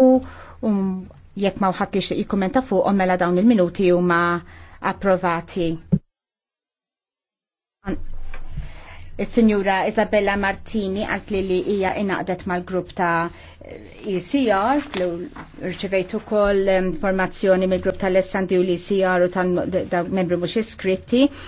u jekk ma uħat li jikkumenta fuq mela dawn il-minuti u ma approvati. Il-Sinjura Isabella Martini għalt li li hija inaqdet mal-grupp ta' ECR, rċivejtu kol informazzjoni um, mill-grupp tal-Essandi u l-ECR u tal-membri mux iskritti.